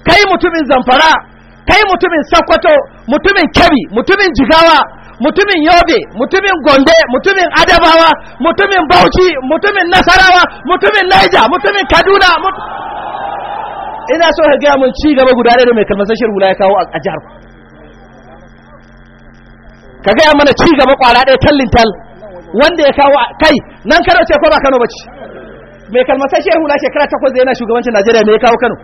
kai mutumin Zamfara kai mutumin Sokoto mutumin Kebbi mutumin Jigawa mutumin Yobe mutumin Gombe mutumin Adabawa mutumin Bauchi mutumin Nasarawa mutumin Niger mutumin Kaduna ina so ka gaya mun ci gaba guda ɗaya da mai kalmasar hula ya kawo a jihar ka gaya mana ci gaba kwara ɗaya tallin tal wanda ya kawo kai nan kano ce ko ba kano ba mai kalmasar shehu hula shekara takwas da yana shugabancin najeriya me ya kawo kano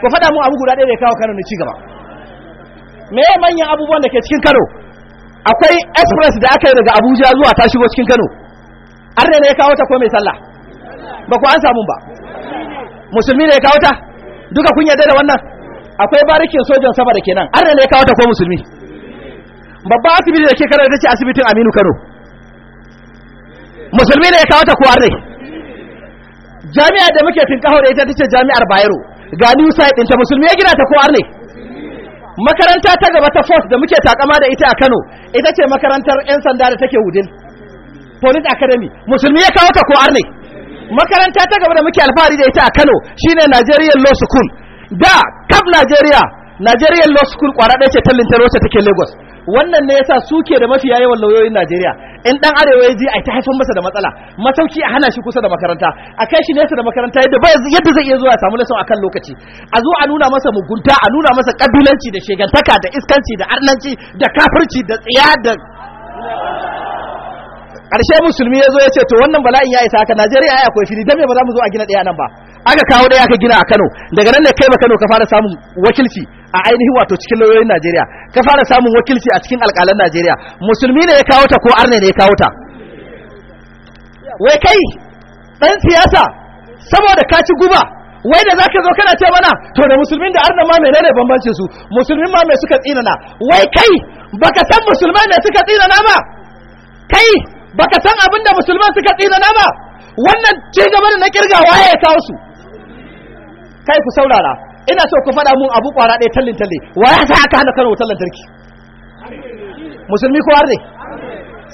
ku faɗa mu abu guda ɗaya da ya kawo kano na ci gaba me manyan abubuwan da ke cikin kano akwai express da aka yi daga abuja zuwa ta shigo cikin kano an ne ya kawo ta ko mai sallah ba ku an samu ba musulmi ne ya kawo ta duka kun yarda da wannan akwai barikin sojan sama da kenan arna ne ya kawo ta ko musulmi babba asibiti da ke karar da ce asibitin aminu kano musulmi ne ya kawo ta ko arna jami'a da muke tinkaho da ita ta ce jami'ar bayero ga new site ta musulmi ya gina ta ko arna makaranta ta gaba ta force da muke takama da ita a kano ita ce makarantar 'yan sanda da take wudin police academy musulmi ya kawo ta ko arne makaranta ta gaba da muke alfahari da ita a Kano shine Nigerian Law School da kaf Nigeria Nigerian Law School kwara ɗaya ce ta Lintaro take Lagos wannan ne yasa suke da mafiya yawan lauyoyin Najeriya in dan arewa ya je a ta haifar masa da matsala masauki a hana shi kusa da makaranta a kai shi nesa da makaranta yadda ba yadda zai iya zuwa ya samu lesson akan lokaci a zo a nuna masa mugunta a nuna masa kabilanci da shegantaka da iskanci da arnanci da kafirci da tsiya da ƙarshe musulmi ya zo ya ce to wannan bala'in ya isa haka najeriya ya koyi fili don me ba za mu zo a gina ɗaya nan ba aka kawo ɗaya aka gina a kano daga nan ne kai ba kano ka fara samun wakilci a ainihin wato cikin lauyoyin najeriya ka fara samun wakilci a cikin alƙalan najeriya musulmi ne ya kawo ta ko arne ne ya kawo ta wai kai ɗan siyasa saboda ka ci guba wai da zaka zo kana ce mana to da musulmin da arna ma menene bambancin su musulmin ma me suka tsinana wai kai baka san musulmai ne suka tsinana ba kai baka san abin da musulman suka na ba wannan ci gaba da na kirga waye ya kawo su kai ku saurara ina so ku faɗa mun abu kwara ɗaya tallin talle waye sai aka hana kano wutar lantarki musulmi ko har ne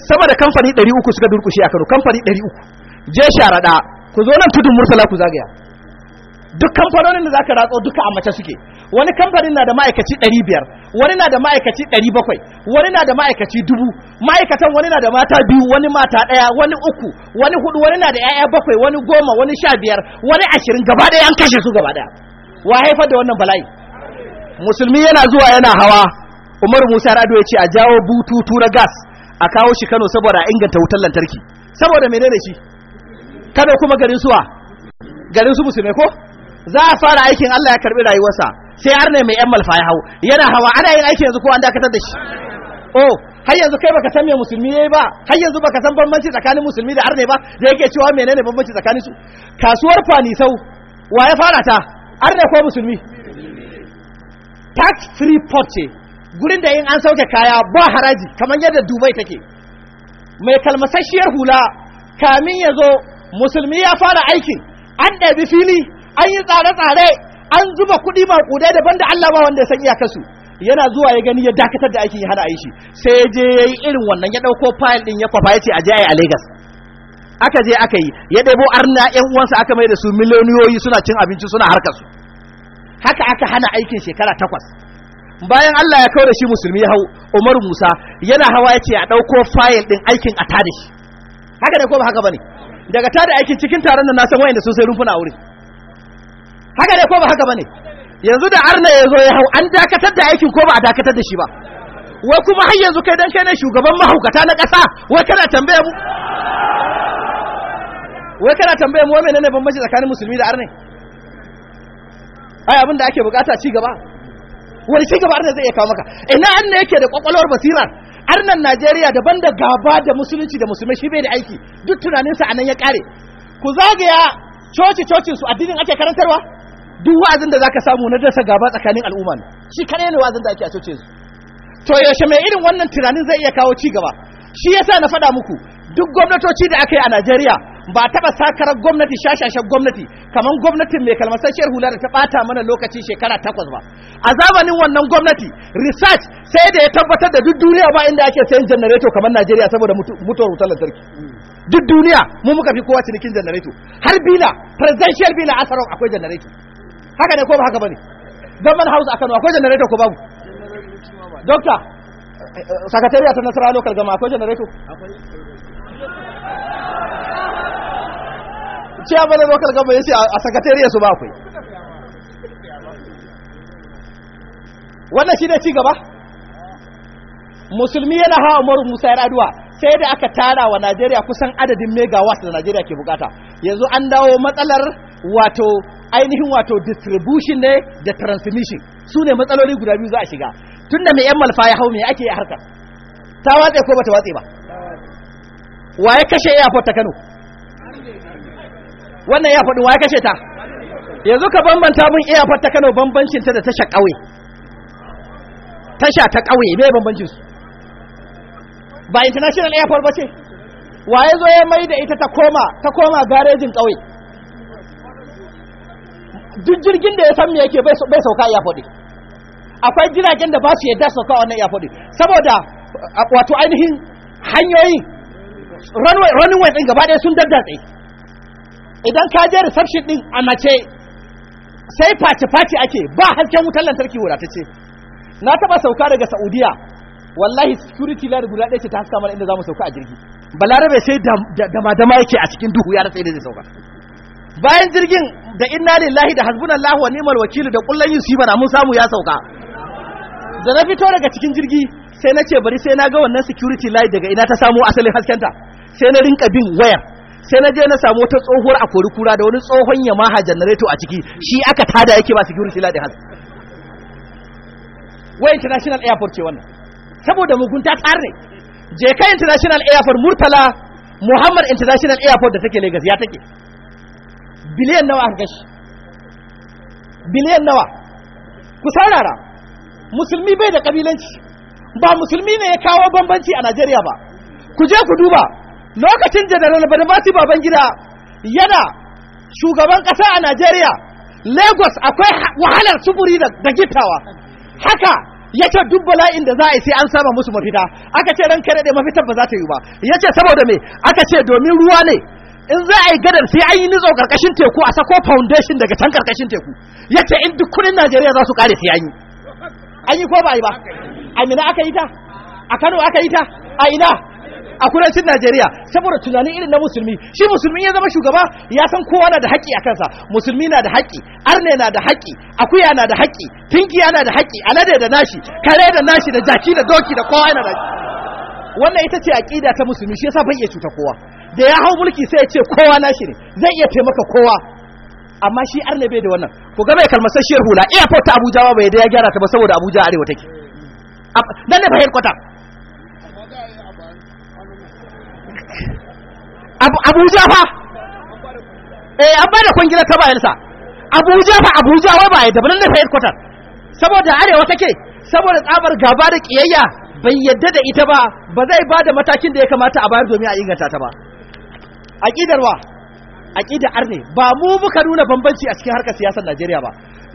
sama da kamfani 300 suka durkushe a kano kamfani 300 je sharaɗa ku zo nan tudun murtala ku zagaya duk kamfanonin da zaka ratso duka a mace suke wani kamfanin na da ma'aikaci 500 wani na da ma'aikaci 700 wani na da ma'aikaci 1000 ma'aikatan wani na da mata biyu wani mata ɗaya wani uku wani hudu wani na da yaya bakwai wani goma wani sha biyar wani ashirin gaba ɗaya an kashe su gaba ɗaya. wa haifar da wannan bala'i musulmi yana zuwa yana hawa umar musa rado ya ce a jawo bututu na gas a kawo shi kano saboda inganta wutar lantarki saboda menene shi kano kuma garin suwa garin su musulmai ko za a fara aikin allah ya karbi rayuwarsa sai har ne mai yan malfa ya hau yana hawa ana yin aiki yanzu ko an dakatar da shi oh har yanzu kai baka san me musulmi yayi ba har yanzu baka san bambanci tsakanin musulmi da arne ba da yake cewa menene bambanci tsakanin su kasuwar fanisau wa ya fara ta arne ko musulmi tax free port ce gurin da in an sauke kaya ba haraji kamar yadda dubai take mai kalmasasshiyar hula kamin ya zo musulmi ya fara aikin an ɗabi fili an yi tsare-tsare an zuba kuɗi ba kudai daban da Allah ba wanda ya san iyakarsu yana zuwa ya gani ya dakatar da aikin ya hana aishi sai ya je ya yi irin wannan ya ɗauko fayil ɗin ya kwafa ya ce a je a Legas aka je aka yi ya ɗebo arna ƴan uwansa aka mai da su miliyoniyoyi suna cin abinci suna harkar su haka aka hana aikin shekara takwas bayan Allah ya kawo da shi musulmi ya hau Umar Musa yana hawa ya ce a ɗauko fayil ɗin aikin a tare haka ne ko ba haka ba daga tare aikin cikin taron nan na san wayanda sun sai rumfuna a wurin haka ne ko ba haka bane yanzu da arna ya zo ya hau an dakatar da aikin ko ba a dakatar da shi ba wai kuma har yanzu kai dan kai ne shugaban mahaukata na ƙasa wai kana tambaya mu wai kana tambaya mu wai menene bambanci tsakanin musulmi da arna ai abin da ake bukata ci gaba wani ci gaba arna zai iya kawo maka ina arna yake da kwakwalwar basira arnan Najeriya daban da gaba da musulunci da musulmai shi bai da aiki duk tunaninsa anan ya kare ku zagaya coci cocinsu addinin ake karantarwa duk wa'azin da zaka samu na dasa gaba tsakanin al'umma ne shi kadai ne wa'azin da ake a su to yaushe mai irin wannan tunanin zai iya kawo cigaba gaba shi yasa na faɗa muku duk gwamnatoci da aka yi a Najeriya ba taɓa sakarar gwamnati shashashen gwamnati kamar gwamnatin mai kalmasasshiyar hula da ta ɓata mana lokaci shekara takwas ba a zamanin wannan gwamnati research sai da ya tabbatar da duk duniya ba inda ake sayan janareto kamar Najeriya saboda mutuwar wutar lantarki duk duniya mu muka fi kowa cinikin janareto har bila presidential bila asarar akwai janareto haka ne ko ba haka bane zaman house a Kano akwai generator ko babu doctor sakatariya ta nasara local gama akwai generator ciya bane local gama yace a sakatariya su ba akwai wannan shi ne ci gaba musulmi yana hawa umaru musa ya raduwa sai da aka tara wa najeriya kusan adadin megawatt da najeriya ke bukata yanzu an dawo matsalar wato ainihin wato distribution ne da transmission su ne matsaloli guda biyu za a shiga tun da mai yan malfa ya hau mai ake yi harkar ta watse ko bata watse ba wa ya kashe airport ta kano wannan airport wa ya kashe ta yanzu ka bambanta mun airport ta kano bambancin ta da tasha ƙauye tasha ta ƙauye bai bambancin su ba international airport ba ce wa ya zo ya mai da ita ta koma ta koma garejin ƙauye duk jirgin da ya san me yake bai sauka ya faɗi akwai jiragen da ba su yadda sauka wannan ya faɗi saboda wato ainihin hanyoyi running way din gaba ɗaya sun daddatse idan ka je reception din a mace sai face-face ake ba hasken wutar lantarki wadatace na taba sauka daga saudiya wallahi security lar guda ɗaya ce ta haska mana inda za mu sauka a jirgi balarabe sai dama dama yake a cikin duhu ya rasa inda zai sauka bayan jirgin da inna lillahi da hasbunallahu wa ni'mal wakil da yin yusibana mun samu ya sauka da na fito daga cikin jirgi sai na ce bari sai na ga wannan security light daga ina ta samo asalin haskenta sai na rinka bin wayar sai na je na samu wata tsohuwar a kori kura da wani tsohon yamaha janareto a ciki shi aka tada yake ba security light has wai international airport ce wannan saboda mugunta tsar ne je ka international airport murtala muhammad international airport da take lagos ya take biliyan nawa aka gashi biliyan nawa ku saurara musulmi bai da kabilanci ba musulmi ne ya kawo bambanci a Najeriya ba ku je ku duba lokacin Janaral Badabati Babangida yana shugaban kasa a Najeriya Lagos akwai wahalar sufuri da gittawa haka ya ce duk bala'in da za a yi sai an saba musu mafita aka ce ran kere da mafitar ba za ta yi ba ya ce saboda me aka ce domin ruwa ne in za a yi gadar sai an yi nitso karkashin teku a sako foundation daga can karkashin teku ya ce in dukkanin najeriya za su kare sai an yi an yi ko ba yi ba a mina aka yi ta a kano aka yi ta a ina a kudancin najeriya saboda tunanin irin na musulmi shi musulmi ya zama shugaba ya san kowa na da haƙƙi a kansa musulmi na da haƙƙi arne na da haƙƙi akuya na da haƙƙi tinkiya na da haƙƙi alade da nashi kare da nashi da jaki da doki da kowa yana da wannan ita ce aƙida ta musulmi shi yasa bai iya cuta kowa da ya hau mulki sai ya ce kowa shi ne zai iya taimaka kowa amma shi arne bai da wannan ko gaba ya kalmasar shiyar hula airport ta abuja ba bai da ya gyara ta ba saboda abuja arewa take nan ne fahimtar kwata abuja fa eh an bada kwangila ta bayansa abuja fa abuja wai ba ya da nan ne fahimtar saboda arewa take saboda tsabar gaba da kiyayya bai yadda da ita ba ba zai ba da matakin da ya kamata a bayar domin a inganta ta ba aqidar wa arne ba mu muka nuna bambanci a cikin harkar siyasar Najeriya ba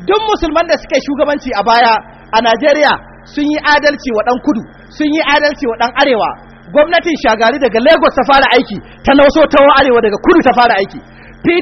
duk musulman da suke shugabanci a baya a Najeriya sun yi adalci wa dan kudu sun yi adalci wa ɗan arewa gwamnatin shagari daga Lagos ta fara aiki ta nauso ta arewa daga kudu ta fara aiki